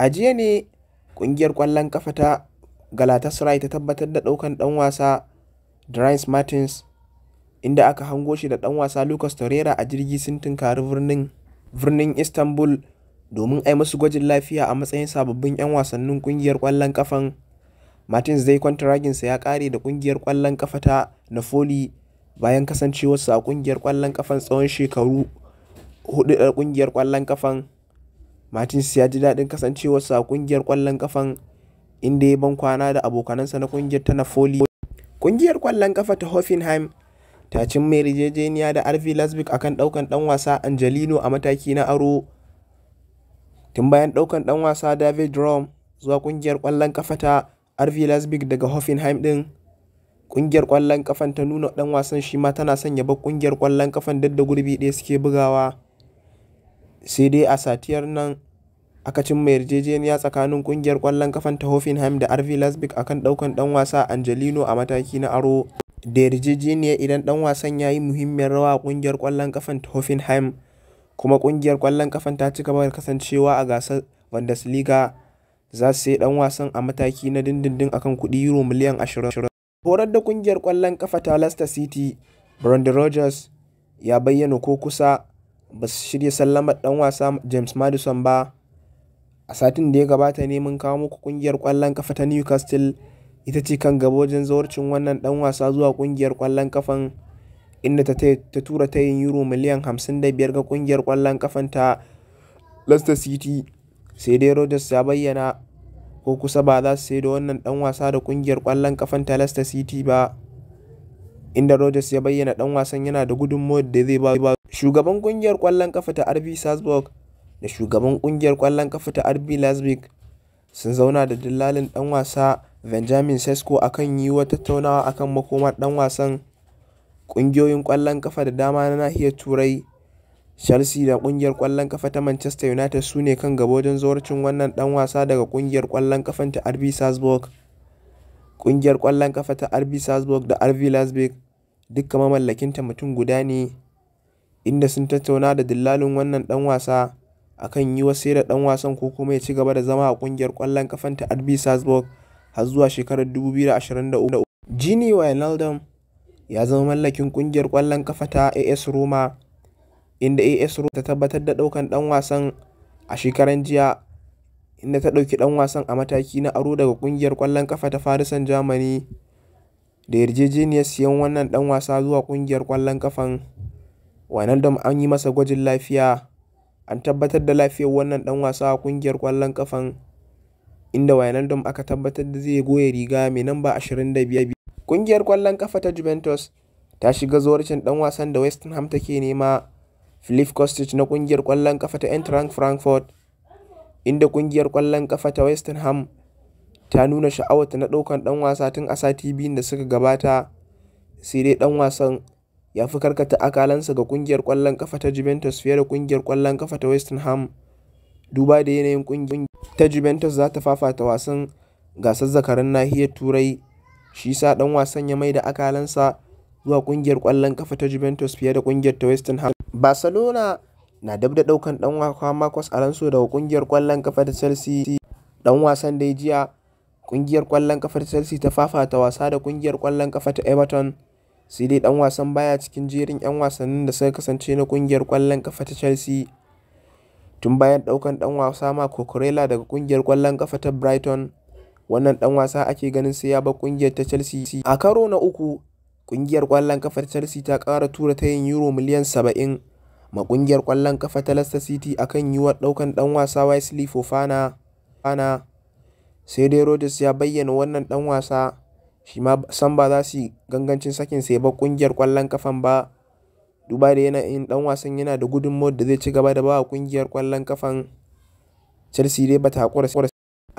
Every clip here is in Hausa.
A jiya ne ƙungiyar kwallon ƙafa ta Galatasaray ta tabbatar da ɗaukan ɗan wasa Dries Mertens, inda aka hango shi da ɗan wasa Lucas Torreira a jirgi sun tunkari birnin Istanbul domin ai musu gwajin lafiya a matsayin sababbin 'yan wasannin ƙungiyar ƙwallon ƙafan. zai kwanta raginsa ya ƙare da ƙungiyar kwallon ƙafa ta Napoli bayan kasancewarsa a ƙungiyar kwallon ƙafan tsawon shekaru hudu da eh, ƙungiyar kwallon ƙafan. Martins ya ji daɗin kasancewarsa a ƙungiyar ƙwallon ƙafan inda ya ban kwana da abokanansa na ƙungiyar ta Napoli. Ƙungiyar ƙwallon ƙafa ta Hoffenheim ta cin mai rijejeniya da RV Leipzig akan ɗaukan ɗan wasa Angelino a mataki na aro. Tun bayan ɗaukan ɗan wasa David Rom zuwa ƙungiyar ƙwallon ƙafa ta RV Leipzig daga Hoffenheim ɗin. Ƙungiyar ƙwallon ƙafan ta nuna ɗan wasan shi ma tana sanya ya bar ƙungiyar ƙwallon ƙafan duk da gurbi ɗaya suke bugawa. Sai dai a satiyar nan aka cimma yarjejeniya tsakanin kungiyar kwallon kafan ta Hoffenheim da rv Leipzig akan daukan ɗaukan ɗan wasa Angelino a mataki na aro da yarjejeniya idan ɗan wasan ya yi muhimmiyar rawa a ƙungiyar ƙwallon kafan ta Hoffenheim, kuma ƙungiyar kwallon kafan ta ci gaba da kasancewa a gasar Bundesliga, za su sai ɗan wasan a mataki na dindindin akan kudi kuɗi Euro miliyan 20. Horar da kungiyar kwallon kafa ta Leicester City, Brandon rogers ya bayyana ko kusa ba su shirya sallamar dan wasa James Madison ba. A satin da ya gabata ne mun kawo muku kungiyar kwallon kafa ta Newcastle ita ce kan gaba wajen zawarcin wannan dan wasa zuwa kungiyar kwallon kafan inda ta, ta tura tayin euro miliyan 55 ga kungiyar ƙwallon kafan ta Leicester City. Sai dai Rodgers ya bayyana ko kusa ba za su sai da wannan dan wasa da kungiyar ƙwallon kafan ta Leicester City ba. Inda Rodgers ya bayyana dan wasan yana da gudunmawar da zai ba Shugaban ƙungiyar kwallon ƙafa ta RB Salzburg da shugaban ƙungiyar kwallon kafa ta RB Leipzig sun zauna da dillalin ɗan wasa Benjamin Sesko akan yiwuwar tattaunawa akan makomar ɗan wasan. Ƙungiyoyin ƙwallon kafa da dama na nahiyar Turai, Chelsea da ƙungiyar kwallon ƙafa ta Manchester United su ne kan gaba wajen zawarcin wannan ɗan wasa daga kungiyar kwallon kafa ta RB Salzburg. Ƙungiyar ƙwallon ƙafa ta RB Salzburg da RB Leipzig dukka mamallakinta mutum guda ne. inda sun tattauna da dillalin wannan dan wasa akan kan wasu sayar da dan wasan ko kuma ya ci gaba da zama a kungiyar kwallon kafan ta RB Salzburg har zuwa shekarar 2023. Gini Wijnaldum ya zama mallakin kungiyar kwallon kafa ta AS Roma inda AS Roma ta tabbatar da daukan dan wasan a shekaran jiya inda ta dauki dan wasan a mataki na aro daga kungiyar kwallon kafa ta Farisan Germany da yarjejeniyar siyan wannan dan wasa zuwa kungiyar kwallon kafan Wijnaldum an yi masa gwajin lafiya. An tabbatar da lafiyar wannan dan wasa a kungiyar kwallon kafan inda Wijnaldum aka tabbatar da zai goya riga mai namba 25. kungiyar kwallon kafa ta Juventus ta shiga zawarcin dan wasan da West Ham take nema, philip Kostic na kungiyar kwallon kafa ta Eintracht Frankfurt, inda kungiyar kwallon kafa ta West Ham ta nuna ta na daukan dan wasa tun a sati biyun da suka gabata, sai dai dan wasan ya fi karkata akalansa ga kungiyar kwallon kafa ta Juventus fiye da kungiyar kwallon kafa ta West Ham duba da yanayin kungiyar ta Juventus za ta fafata wasan gasar zakarin nahiyar Turai shi sa dan wasan ya mai da akalansa zuwa kungiyar kwallon kafa ta Juventus fiye da kungiyar ta West Ham Barcelona na dab da daukan dan wasa Marcos Alonso daga kungiyar kwallon kafa ta Chelsea dan wasan da jiya kungiyar kwallon kafa ta Chelsea ta fafata wasa da kungiyar kwallon kafa ta Everton sai dai dan wasan baya cikin jerin 'yan wasannin da suka kasance na kungiyar kwallon kafa ta Chelsea tun bayan daukan dan wasa ma Cucurella daga kungiyar ƙwallon kafa ta Brighton wannan dan wasa ake ganin sai ya bar kungiyar ta Chelsea a karo na uku kungiyar kwallon kafa ta Chelsea ta kara tura ta yin euro miliyan 70 ma kungiyar kwallon kafa ta Leicester City akan yiwuwar daukan dan wasa Wesley Fofana ana sai dai Rodgers ya bayyana wannan dan wasa shi ma san ba za su gangancin sakin sai ba kungiyar kwallon kafan ba. Duba da yanayin dan wasan yana da gudunmawar da zai ci gaba da ba wa kungiyar kwallon kafan Chelsea dai ba ta haƙura.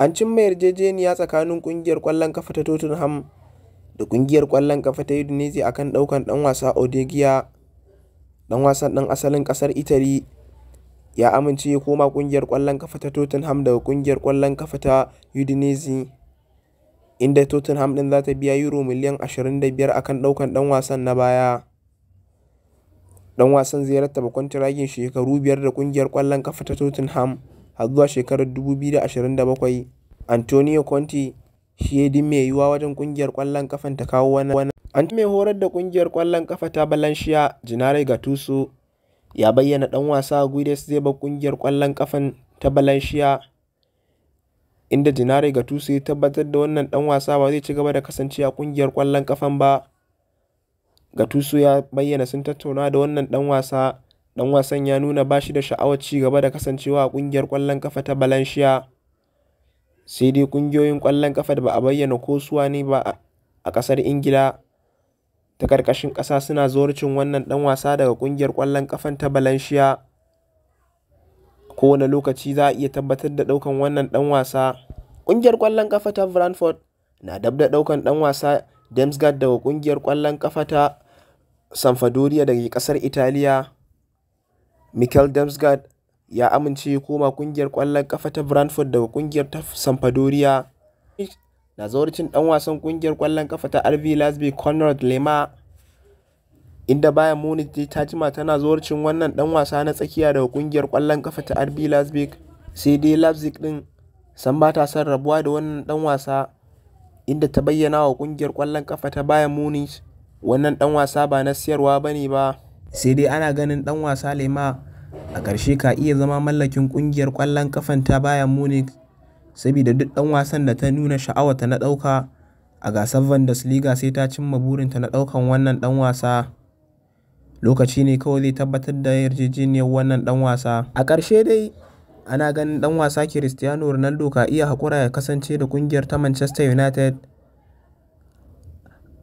An cimma yarjejeniya tsakanin kungiyar kwallon kafa ta Tottenham da kungiyar kwallon kafa ta Udinese akan daukan dan wasa odegia dan wasan dan asalin kasar Italy ya amince ya koma kungiyar kwallon kafa ta Tottenham daga kungiyar kwallon kafa ta Udinese. inda Tottenham ɗin za ta biya Euro miliyan 25 a kan ɗaukan ɗan wasan na baya. Ɗan wasan zai rattaba kwantiragin shekaru biyar da ƙungiyar ƙwallon ƙafa ta Tottenham har zuwa shekarar 2027. Antonio Conte shi ya dimme mai yiwuwa wajen ƙungiyar ƙwallon ƙafan ta kawo wani. An mai horar da ƙungiyar ƙwallon ƙafa ta Valencia Gennaro Gattuso ya bayyana ɗan wasa Guedes zai bar ƙungiyar ƙwallon ƙafa ta Valencia inda Jinare gatusu ya tabbatar da wannan ɗan wasa ba zai ci gaba da kasancewa a ƙungiyar ƙwallon ƙafan ba. gatusu ya bayyana sun tattauna da wannan ɗan wasa, ɗan wasan ya nuna ba shi da sha'awar ci gaba da kasancewa a ƙungiyar kwallon kafa ta balanshiya Sai dai ƙungiyoyin ƙwallon kafa da ba a bayyana ko suwa ne ba a ƙasar Ingila ta karkashin ƙasa suna zawarcin wannan ɗan wasa daga ƙungiyar kwallon ƙafan ta balanshiya. kowane lokaci za a iya tabbatar da ɗaukan wannan ɗan wasa. Ƙungiyar ƙwallon ƙafa ta Brentford na dab da ɗaukan ɗan wasa demsgard daga ƙungiyar ƙwallon ƙafa ta Sampdoria daga ƙasar Italiya. Mikel demsgard ya amince ya koma ƙungiyar ƙwallon ƙafa ta Brentford daga ƙungiyar ta Sampdoria. Na zawarcin ɗan wasan ƙungiyar ƙwallon ƙafa ta RB Leipzig Conrad Lema inda Bayern Munich ta jima tana zuwarcin wannan dan wasa na tsakiya daga kungiyar kwallon kafa ta RB Leipzig, sai dai Leipzig din san ba ta son rabuwa da wannan dan wasa, inda ta bayyana wa kungiyar ƙwallon kafa ta Bayern Munich wannan dan wasa ba na siyarwa bane ba, sai dai ana ganin dan wasa lema a ƙarshe ka iya zama mallakin kungiyar kwallon kafan ta Bayern Munich sabida duk dan wasan da ta nuna sha'awa ta na ɗauka a gasar Bundesliga sai ta cimma burinta na ɗaukan wannan dan wasa. lokaci ne kawai zai tabbatar da yarjejeniyar wannan dan wasa. A ƙarshe dai ana ganin dan wasa Cristiano Ronaldo ka iya haƙura ya kasance da ƙungiyar ta Manchester United.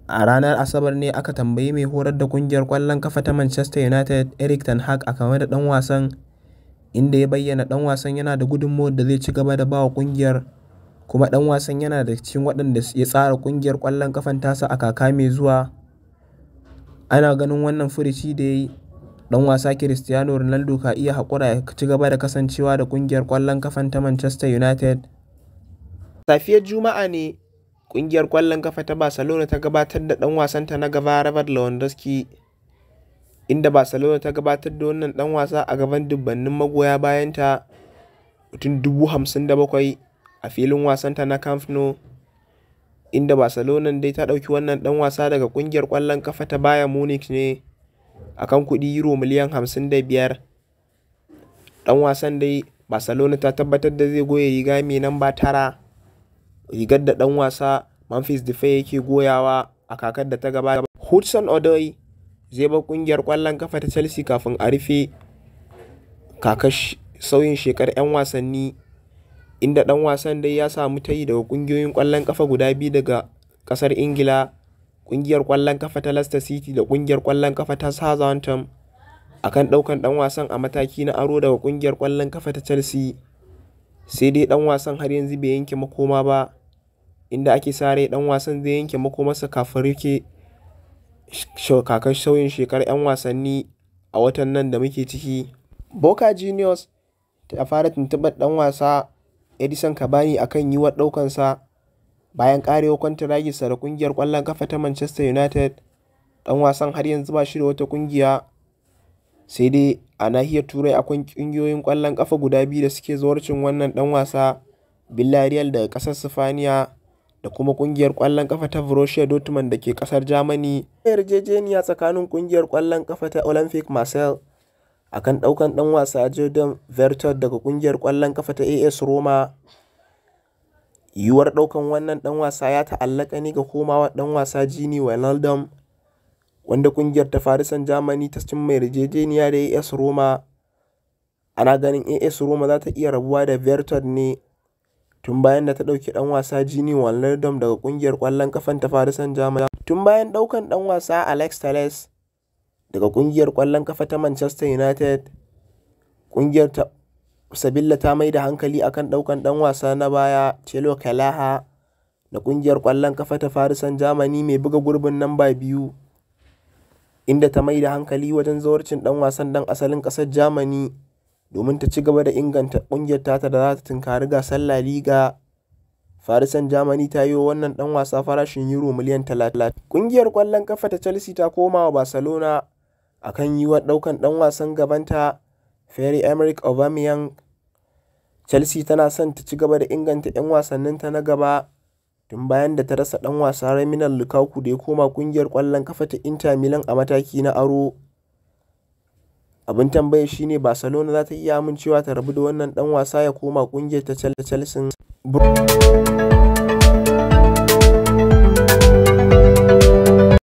A ranar Asabar ne aka tambayi mai horar da ƙungiyar kwallon kafa ta Manchester United eric ten Hag a game da dan wasan inda ya bayyana dan wasan yana da gudunmawar da zai ci gaba da bawa ƙungiyar kuma dan wasan yana da cikin waɗanda ya tsara ƙungiyar ƙwallon kafan tasa a kaka mai zuwa. Ana ganin wannan furici da ya yi, ɗan wasa Cristiano Ronaldo ka iya haƙura ya ci gaba da kasancewa da ƙungiyar ƙwallon kafan ta Manchester United. Safiyar Juma'a ne ƙungiyar ƙwallon kafa ta Barcelona ta gabatar da ɗan wasanta na gaba Robert Lewandowski, inda Barcelona ta gabatar da wannan ɗan wasa a gaban dubbannin magoya bayanta mutum bakwai a filin wasanta na Camp Nou. inda Barcelona dai ta ɗauki wannan ɗan wasa daga kungiyar ƙwallon kafa ta Bayern Munich ne akan kan kuɗi Euro miliyan 55. Ɗan wasan dai Barcelona ta tabbatar da zai goya riga mai namba tara, rigar da ɗan wasa Memphis Depay yake goyawa a kakar da ta gabata. Hudson Odoi zai bar ƙungiyar kwallon kafa ta Chelsea kafin a rufe kakar sauyin shekar 'yan wasanni. inda ɗan wasan dai ya samu tayi daga ƙungiyoyin kwallon kafa guda biyu daga ƙasar Ingila, ƙungiyar kwallon kafa ta Leicester City da kungiyar kwallon ƙafa ta Southampton a kan ɗaukan ɗan wasan a mataki na aro daga kungiyar kwallon kafa ta Chelsea. Sai dai ɗan wasan har yanzu bai yanke makoma ba, inda ake sa rai wasan zai yanke makomarsa kafin rike kakar sauyin shekarar 'yan wasanni a watan nan da muke ciki. Boca Juniors ta fara tuntuɓar ɗan wasa Edison Cavani akan yiwuwar ɗaukansa bayan kwanta kwantiraginsa da ƙungiyar ƙwallon kafa ta Manchester United, ɗan wasan har yanzu ba shi da wata ƙungiya, sai dai a nahiyar Turai akwai ƙungiyoyin ƙwallon ƙafa guda biyu da suke zuwarcin wannan ɗan wasa, Villarreal daga ƙasar Sifaniya da kuma ƙungiyar ƙwallon ƙafa ta Borussia Dortmund da ke ƙasar Germany. yarjejeniya tsakanin ƙungiyar kwallon kafa ta olympic Marseille akan ɗaukan ɗan wasa Jordan Vertot daga ƙungiyar kwallon kafa ta AS Roma. Yiwuwar ɗaukan wannan ɗan wasa ya ta'allaka ne ga komawa ɗan wasa Gini Wijnaldum wanda ƙungiyar ta Paris Saint-Germain ta cimma yarjejeniya da AS Roma. Ana ganin AS Roma za ta iya rabuwa da Vertot ne tun bayan da ta ɗauki ɗan wasa Gini Wijnaldum daga ƙungiyar kwallon kafa ta Paris saint Tun bayan ɗaukan ɗan wasa Alex Telles daga kungiyar kwallon kafa ta Manchester United, kungiyar ta Sabilla ta mai da hankali akan ɗaukan ɗan wasa na baya Chelo Kalaha da kungiyar kwallon kafa ta farisan germany mai buga gurbin namba biyu, inda ta mai da hankali wajen zawarcin ɗan wasan dan asalin ƙasar Germany domin ta ci gaba da inganta kungiyar ta da za ta tunkari gasar La Liga. Paris germany ta yi wa wannan ɗan wasa farashin Euro miliyan 30. kungiyar kwallon kafa ta Chelsea ta koma wa Barcelona a akan yiwuwar ɗaukan ɗan wasan gabanta Pierre-Emerick Aubameyang, Chelsea tana son ta ci gaba da inganta ‘yan wasanninta na gaba tun bayan da ta rasa ɗan wasa Romelu Lukaku da ya koma ƙungiyar kwallon kafa ta Inter Milan a mataki na aro. Abin tambaye shine Barcelona za ta iya amincewa ta rabu da wannan ɗan wasa ya koma ƙungiyar ta Chelsea.